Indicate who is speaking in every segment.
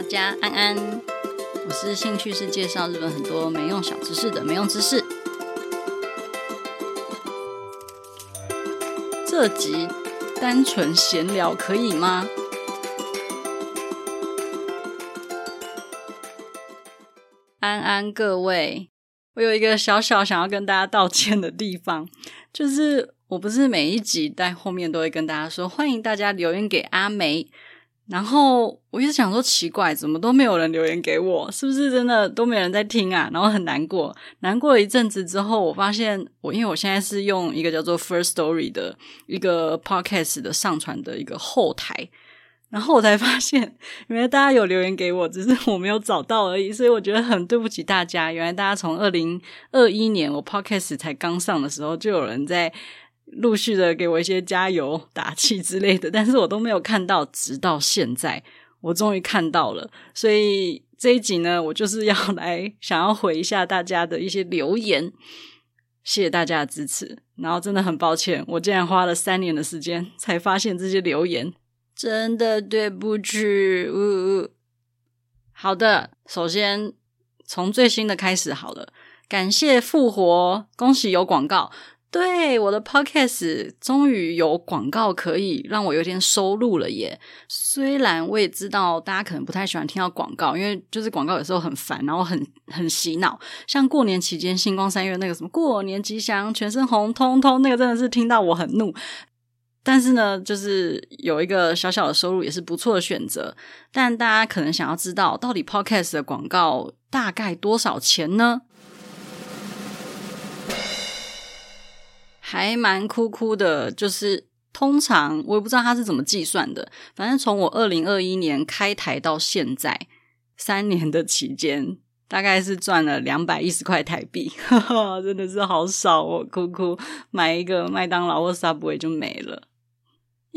Speaker 1: 大家安安，我是興趣是介紹日本很多沒用小知識的沒用知識。這集單純閒聊可以嗎？安安各位，我有一個小小想要跟大家道歉的地方，就是我不是每一集在後面都會跟大家說，歡迎大家留言給阿梅。然後我一直想說奇怪，怎麼都沒有人留言給我？是不是真的都沒有人在聽啊？然後很難過，難過了一陣子之後，我發現我因為我現在是用一個叫做 Firstory 的一個 podcast 的上傳的一個後台，然後我才發現原來大家有留言給我，只是我沒有找到而已，所以我覺得很對不起大家。原來大家從二零二一年我 podcast 才剛上的時候，就有人在。陸續的給我一些加油打氣之類的，但是我都沒有看到，直到現在我終於看到了。所以這一集呢，我就是要來想要回一下大家的一些留言，謝謝大家的支持。然後真的很抱歉，我竟然花了三年的時間才發現這些留言，真的對不起。嗚、呃、嗚、呃。好的，首先從最新的開始好了。感謝復活，恭喜有廣告。對，我的 podcast 終於有廣告可以讓我有點收入了耶！雖然我也知道大家可能不太喜歡聽到廣告，因為就是廣告有時候很煩，然後很很洗腦。像過年期間星光三月那個什麼，過年吉祥，全身紅通通，那個真的是聽到我很怒。但是呢，就是有一個小小的收入也是不錯的選擇。但大家可能想要知道，到底 podcast 的廣告大概多少錢呢？還蠻哭哭的，就是通常我也不知道他是怎麼計算的，反正從我二零二一年開台到現在三年的期間，大概是賺了兩百一十塊台幣， 真的是好少哦、喔，哭哭，買一個麥當勞或 Subway 就沒了。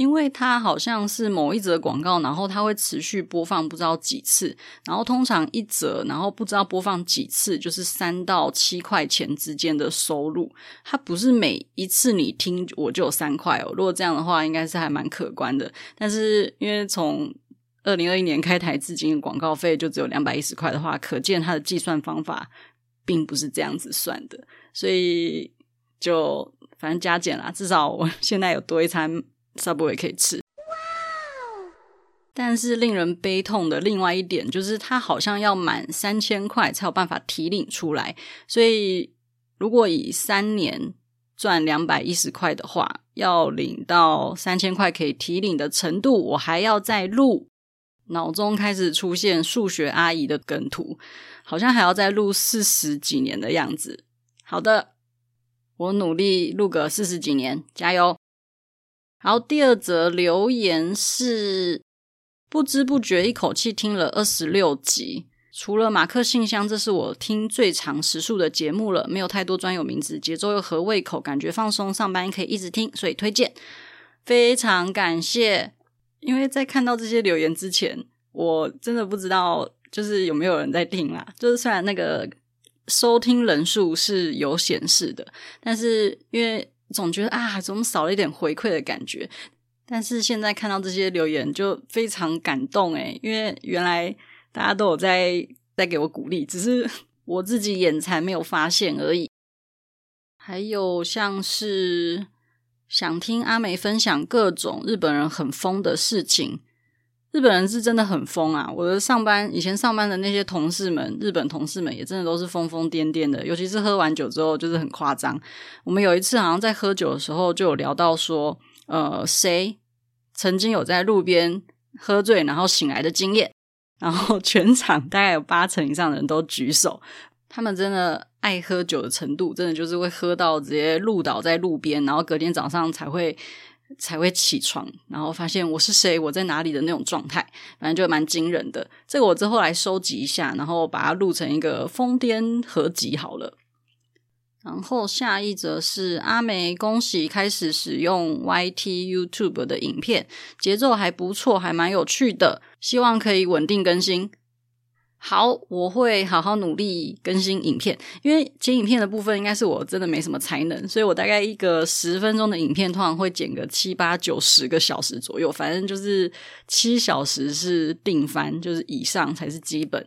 Speaker 1: 因為它好像是某一則廣告，然後它會持續播放不知道幾次，然後通常一則，然後不知道播放幾次，就是三到七塊錢之間的收入。它不是每一次你聽我就有三塊哦。如果這樣的話，應該是還蠻可觀的。但是因為從二零二一年開台至今，廣告費就只有兩百一十塊的話，可見它的計算方法並不是這樣子算的。所以就反正加減啦，至少我現在有多一餐。差不多也可以吃，Wow! 但是令人悲痛的另外一點就是，它好像要滿三千塊才有辦法提領出來。所以，如果以三年賺兩百一十塊的話，要領到三千塊可以提領的程度，我還要再錄，腦中開始出現數學阿姨的梗圖，好像還要再錄四十幾年的樣子。好的，我努力錄個四十幾年，加油。然後第二則留言是，不知不覺一口氣聽了二十六集，除了馬克信箱，這是我聽最長時數的節目了，沒有太多專有名詞，節奏又合胃口，感覺放鬆，上班可以一直聽，所以推薦。非常感謝，因為在看到這些留言之前，我真的不知道就是有沒有人在聽啦、啊，就是雖然那個收聽人數是有顯示的，但是因為。總覺得啊，總少了一點回饋的感覺。但是現在看到這些留言，就非常感動誒，因為原來大家都有在在給我鼓勵，只是我自己眼饞沒有發現而已。還有像是想聽阿梅分享各種日本人很瘋的事情。日本人是真的很瘋啊！我的上班以前上班的那些同事們，日本同事們也真的都是瘋瘋癲癲的，尤其是喝完酒之後，就是很誇張。我們有一次好像在喝酒的時候，就有聊到說，呃，誰曾經有在路邊喝醉然後醒來的經驗？然後全場大概有八成以上的人都舉手，他們真的愛喝酒的程度，真的就是會喝到直接路倒在路邊，然後隔天早上才會。才會起床，然後發現我是誰，我在哪裡的那種狀態，反正就蠻驚人的。這個我之後來收集一下，然後把它錄成一個瘋癲合集好了。然後下一則是阿梅，恭喜開始使用 YT YouTube 的影片，節奏還不錯，還蠻有趣的，希望可以穩定更新。好，我會好好努力更新影片，因為剪影片的部分應該是我真的沒什麼才能，所以我大概一個十分鐘的影片，通常會剪個七八九十個小時左右，反正就是七小時是定番，就是以上才是基本。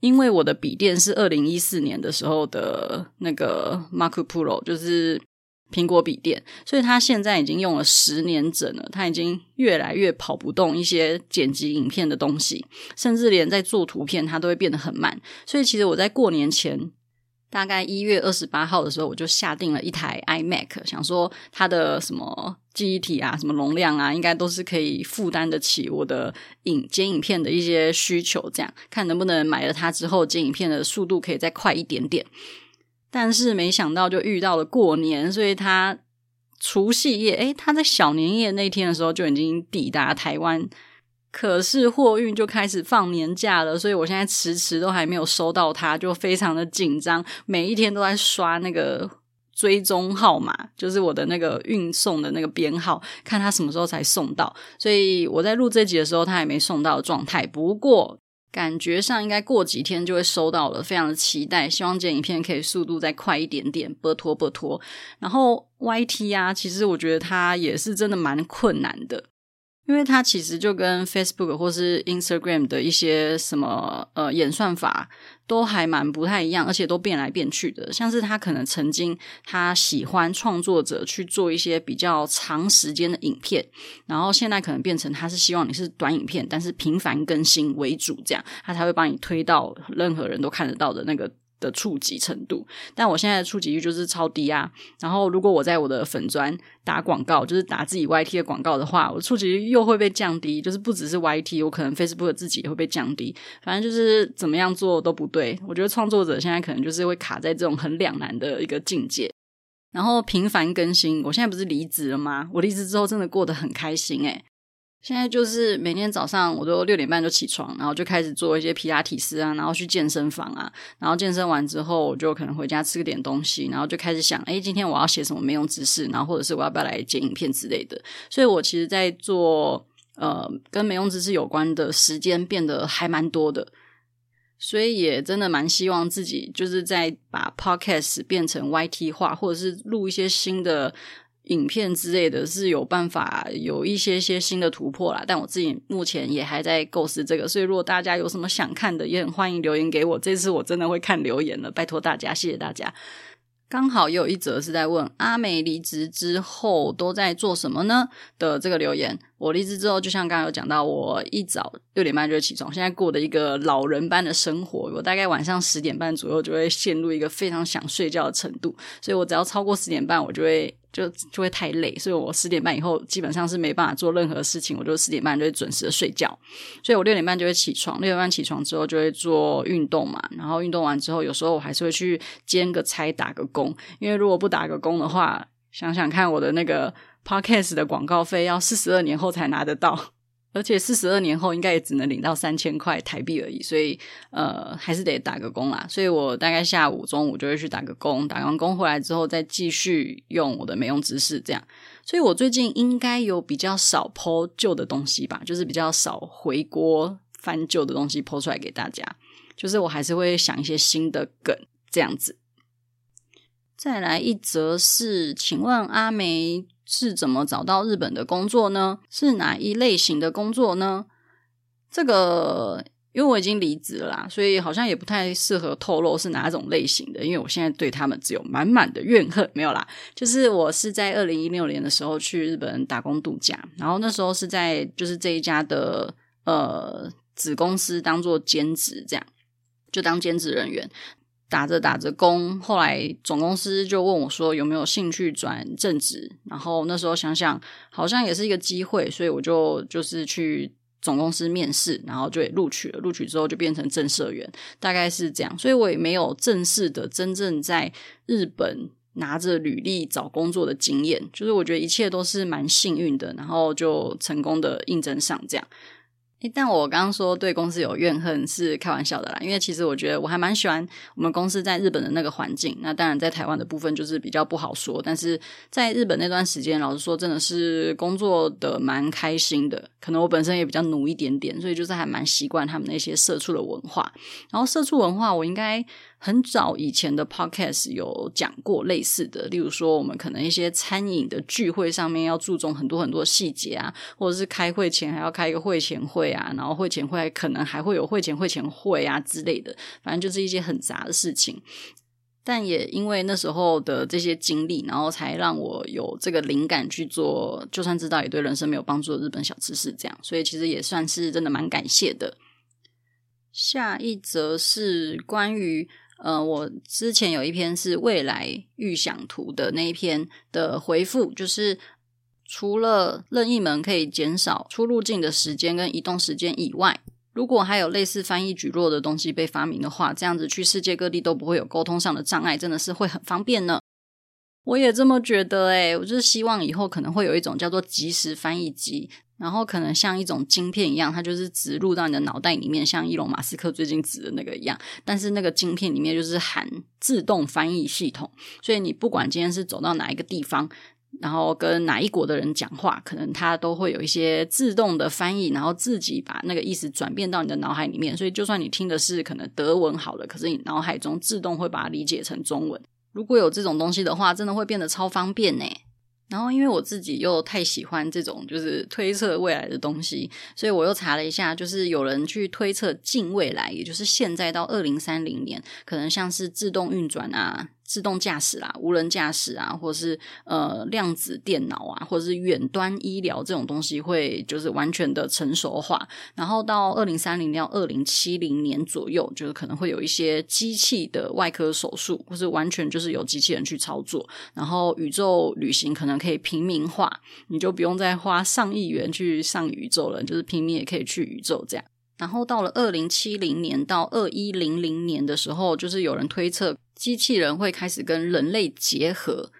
Speaker 1: 因為我的筆電是二零一四年的時候的那個 MacBook Pro，就是。蘋果筆電，所以他現在已經用了十年整了，他已經越來越跑不動一些剪輯影片的東西，甚至連在做圖片，它都會變得很慢。所以其實我在過年前，大概一月二十八號的時候，我就下定了一台 iMac，想說它的什麼記憶體啊、什麼容量啊，應該都是可以負擔得起我的影剪影片的一些需求，這樣看能不能買了它之後，剪影片的速度可以再快一點點。但是沒想到就遇到了過年，所以他除夕夜，誒，他在小年夜那天的時候就已經抵達台灣，可是貨運就開始放年假了，所以我現在遲遲都還沒有收到他，他就非常的緊張，每一天都在刷那個追蹤號碼，就是我的那個運送的那個編號，看他什麼時候才送到。所以我在錄這集的時候，他還沒送到的狀態。不過。感覺上應該過幾天就會收到了，非常的期待。希望剪影片可以速度再快一點點，拜託拜託。然後 YT 啊，其實我覺得它也是真的蠻困難的。因為他其實就跟 Facebook 或是 Instagram 的一些什麼呃演算法，都還蠻不太一樣，而且都變來變去的。像是他可能曾經他喜歡創作者去做一些比較長時間的影片，然後現在可能變成他是希望你是短影片，但是頻繁更新為主，這樣他才會幫你推到任何人都看得到的那個。的觸及程度，但我現在的觸及率就是超低啊。然後，如果我在我的粉專打廣告，就是打自己 YT 的廣告的話，我觸及率又會被降低。就是不只是 YT，我可能 Facebook 自己也會被降低。反正就是怎麼樣做都不對。我覺得創作者現在可能就是會卡在這種很兩難的一個境界。然後頻繁更新，我現在不是離職了嗎？我離職之後真的過得很開心哎、欸。現在就是每天早上我都六點半就起床，然後就開始做一些皮拉提斯啊，然後去健身房啊，然後健身完之後，我就可能回家吃個點東西，然後就開始想，哎，今天我要寫什麼沒用知識，然後或者是我要不要來剪影片之類的。所以我其實在做呃跟沒用知識有關的時間變得還蠻多的，所以也真的蠻希望自己就是在把 podcast 變成 YT 化，或者是錄一些新的。影片之類的，是有辦法有一些些新的突破啦，但我自己目前也還在構思這個，所以如果大家有什麼想看的，也很歡迎留言給我。這次我真的會看留言了，拜託大家，謝謝大家。剛好也有一則是在問阿梅離職之後都在做什麼呢的這個留言。我離職之後，就像剛剛有講到，我一早六點半就會起床。現在過的一個老人般的生活，我大概晚上十點半左右就會陷入一個非常想睡覺的程度。所以我只要超過十點半，我就會就就會太累。所以我十點半以後基本上是沒辦法做任何事情，我就十點半就會準時的睡覺。所以我六點半就會起床，六點半起床之後就會做運動嘛。然後運動完之後，有時候我還是會去兼個差打個工。因為如果不打個工的話，想想看我的那個。Podcast 的廣告費要四十二年後才拿得到，而且四十二年後應該也只能領到三千塊台幣而已，所以呃，還是得打個工啦。所以我大概下午、中午就會去打個工，打完工回來之後再繼續用我的沒用知識這樣。所以我最近應該有比較少 po 舊的東西吧，就是比較少回鍋翻舊的東西 po 出來給大家，就是我還是會想一些新的梗這樣子。再來一則，是請問阿梅，是怎麼找到日本的工作呢？是哪一類型的工作呢？這個因為我已經離職啦，所以好像也不太適合透露是哪種類型的。因為我現在對他們只有滿滿的怨恨，沒有啦。就是我是在二零一六年的時候去日本打工度假，然後那時候是在就是這一家的呃子公司當做兼職，這樣就當兼職人員。打着打着工，後來總公司就問我說有沒有興趣轉正職，然後那時候想想好像也是一個機會，所以我就就是去總公司面試，然後就也錄取了。錄取之後就變成正社員，大概是這樣。所以我也沒有正式的、真正在日本拿着履歷找工作的經驗，就是我覺得一切都是蠻幸運的，然後就成功的應徵上這樣。但我剛剛說對公司有怨恨是開玩笑的啦，因為其實我覺得我還蠻喜歡我們公司在日本的那個環境。那當然在台灣的部分就是比較不好說，但是在日本那段時間，老實說真的是工作的蠻開心的。可能我本身也比較努一點點，所以就是還蠻習慣他們那些社畜的文化。然後社畜文化，我應該。很早以前的 podcast 有講過類似的，例如說我們可能一些餐飲的聚會上面要注重很多很多細節啊，或者是開會前還要開一個會前會啊，然後會前會可能還會有會前會前會啊之類的，反正就是一些很雜的事情。但也因為那時候的這些經歷，然後才讓我有這個靈感去做，就算知道也對人生沒有幫助的日本小知識這樣，所以其實也算是真的蠻感謝的。下一則是關於。呃，我之前有一篇是未來預想圖的那一篇的回復，就是除了任意門可以減少出入境的時間跟移動時間以外，如果還有類似翻譯蒟蒻的東西被發明的話，這樣子去世界各地都不會有溝通上的障礙，真的是會很方便呢。我也這麼覺得，誒，我就是希望以後可能會有一種叫做即時翻譯機。然後可能像一種晶片一樣，它就是植入到你的腦袋裡面，像伊隆馬斯克最近指的那個一樣。但是那個晶片裡面就是含自動翻譯系統，所以你不管今天是走到哪一個地方，然後跟哪一國的人講話，可能他都會有一些自動的翻譯，然後自己把那個意思轉變到你的腦海裡面。所以就算你聽的是可能德文好了，可是你腦海中自動會把它理解成中文。如果有這種東西的話，真的會變得超方便呢。然後，因為我自己又太喜歡這種就是推測未來的東西，所以我又查了一下，就是有人去推測近未來，也就是現在到2030年，可能像是自動運轉啊。自動駕駛啦，無人駕駛啊，或是呃量子電腦啊，或者是遠端醫療這種東西，會就是完全的成熟化。然後到二零三零到二零七零年左右，就是可能會有一些機器的外科手術，或是完全就是由機器人去操作。然後宇宙旅行可能可以平民化，你就不用再花上億元去上宇宙了，就是平民也可以去宇宙這樣。然後到了二零七零年到二一零零年的時候，就是有人推測機器人會開始跟人類結合，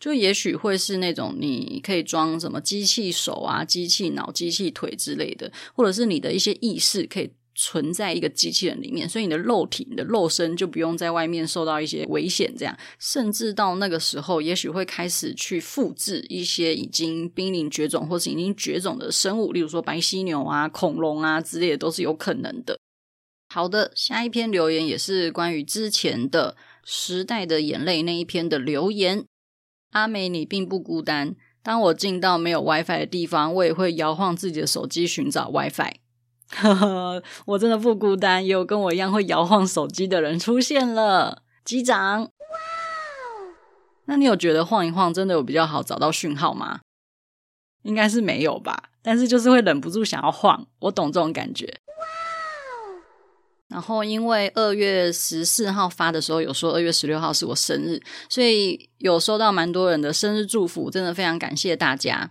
Speaker 1: 就也許會是那種你可以裝什麼機器手啊、機器腦、機器腿之類的，或者是你的一些意識可以。存在一個機器人裡面，所以你的肉體、你的肉身，就不用在外面受到一些危險。這樣，甚至到那個時候，也許會開始去複製一些已經瀕臨絕種或是已經絕種的生物，例如說白犀牛啊、恐龍啊之類的，都是有可能的。好的，下一篇留言也是關於之前的時代的眼淚那一篇的留言。阿梅，你並不孤單。當我進到沒有 WiFi 的地方，我也會搖晃自己的手機尋找 WiFi。Fi 呵呵， 我真的不孤單，也有跟我一樣會搖晃手機的人出現了。機長，哇！Wow! 那你有覺得晃一晃真的有比較好找到訊號嗎？應該是沒有吧，但是就是會忍不住想要晃，我懂這種感覺。哇！Wow! 然後因為二月十四號發的時候有說二月十六號是我生日，所以有收到蠻多人的生日祝福，真的非常感謝大家。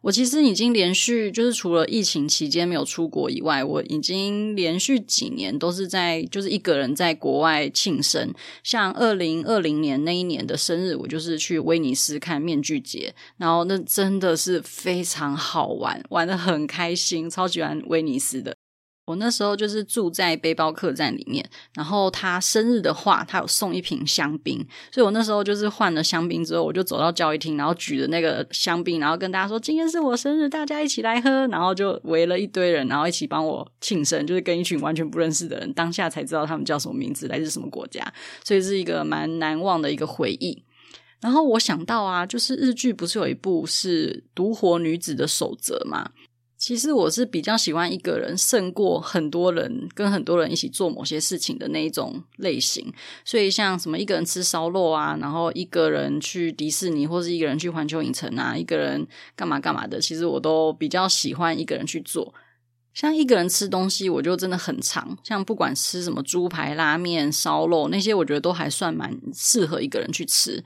Speaker 1: 我其實已經連續，就是除了疫情期間沒有出國以外，我已經連續幾年都是在，就是一個人在國外慶生。像二零二零年那一年的生日，我就是去威尼斯看面具節，然後那真的是非常好玩，玩的很開心，超級喜歡威尼斯的。我那時候就是住在背包客棧裡面，然後他生日的話，他有送一瓶香檳，所以我那時候就是換了香檳之後，我就走到交誼廳，然後舉着那個香檳，然後跟大家說：“今天是我生日，大家一起來喝。”然後就圍了一堆人，然後一起幫我慶生，就是跟一群完全不認識的人，當下才知道他們叫什麼名字，來自什麼國家，所以是一個蠻難忘的一個回憶。然後我想到啊，就是日劇不是有一部是《獨活女子的守則》嗎？其實我是比較喜歡一個人勝過很多人跟很多人一起做某些事情的那一種類型，所以像什麼一個人吃燒肉啊，然後一個人去迪士尼或是一個人去環球影城啊，一個人幹嘛幹嘛的，其實我都比較喜歡一個人去做。像一個人吃東西，我就真的很常，像不管吃什麼豬排、拉麵、燒肉那些，我覺得都還算蠻適合一個人去吃。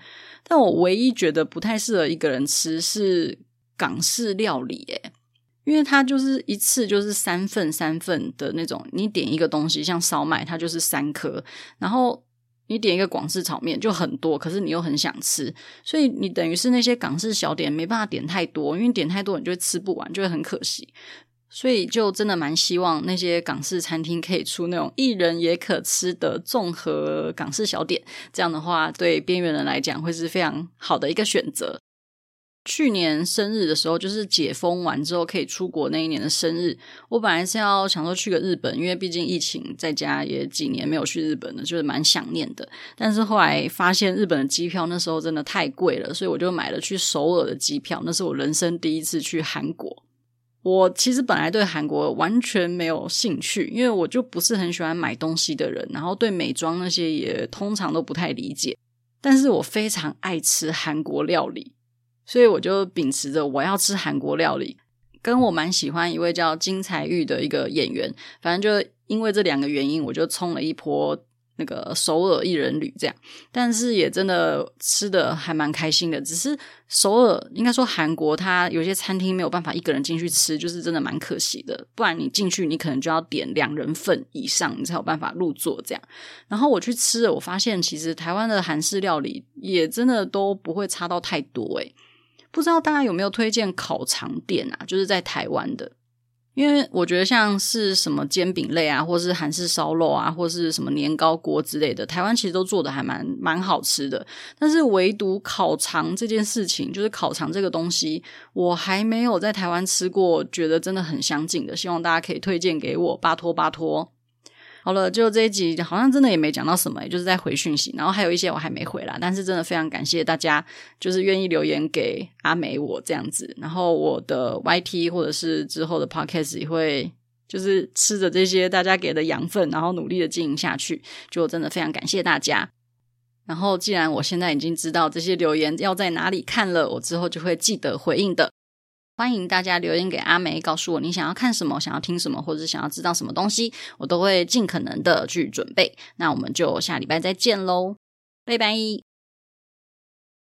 Speaker 1: 但我唯一覺得不太適合一個人吃是港式料理耶，哎。因為它就是一次就是三份三份的那種，你點一個東西像燒麥，它就是三顆，然後你點一個廣式炒面就很多，可是你又很想吃，所以你等於是那些港式小點沒辦法點太多，因為點太多你就會吃不完，就會很可惜，所以就真的蠻希望那些港式餐廳可以出那種一人也可吃的綜合港式小點，這樣的話對邊緣人來講會是非常好的一個選擇。去年生日的時候，就是解封完之後可以出國那一年的生日，我本來是要想說去個日本，因為畢竟疫情在家也幾年沒有去日本了，就是蠻想念的。但是後來發現日本的機票那時候真的太貴了，所以我就買了去首爾的機票。那是我人生第一次去韓國。我其實本來對韓國完全沒有興趣，因為我就不是很喜歡買東西的人，然後對美妝那些也通常都不太理解。但是我非常愛吃韓國料理。所以我就秉持着我要吃韓國料理，跟我蠻喜歡一位叫金材昱的一個演員，反正就因為這兩個原因，我就衝了一波那個首爾一人旅這樣。但是也真的吃的還蠻開心的，只是首爾應該說韓國它有些餐廳沒有辦法一個人進去吃，就是真的蠻可惜的。不然你進去，你可能就要點兩人份以上，你才有辦法入座這樣。然後我去吃了，我發現其實台灣的韓式料理也真的都不會差到太多。欸，哎。不知道大家有沒有推薦烤腸店啊？就是在台灣的，因為我覺得像是什麼煎餅類啊，或是韓式燒肉啊，或是什麼年糕鍋之類的，台灣其實都做得還蠻蠻好吃的。但是唯獨烤腸這件事情，就是烤腸這個東西，我還沒有在台灣吃過，覺得真的很相近的。希望大家可以推薦給我，拜託拜託。好了，就這一集，好像真的也沒講到什麼，就是在回訊息，然後還有一些我還沒回啦。但是真的非常感謝大家，就是願意留言給阿梅我這樣子，然後我的 YT 或者是之後的 Podcast 也會就是吃着這些大家給的養分，然後努力的經營下去，就真的非常感謝大家。然後既然我現在已經知道這些留言要在哪裡看了，我之後就會記得回應的。歡迎大家留言給阿梅，告訴我你想要看什麼、想要聽什麼，或者是想要知道什麼東西，我都會盡可能的去準備。那我們就下禮拜再見嘍，拜拜。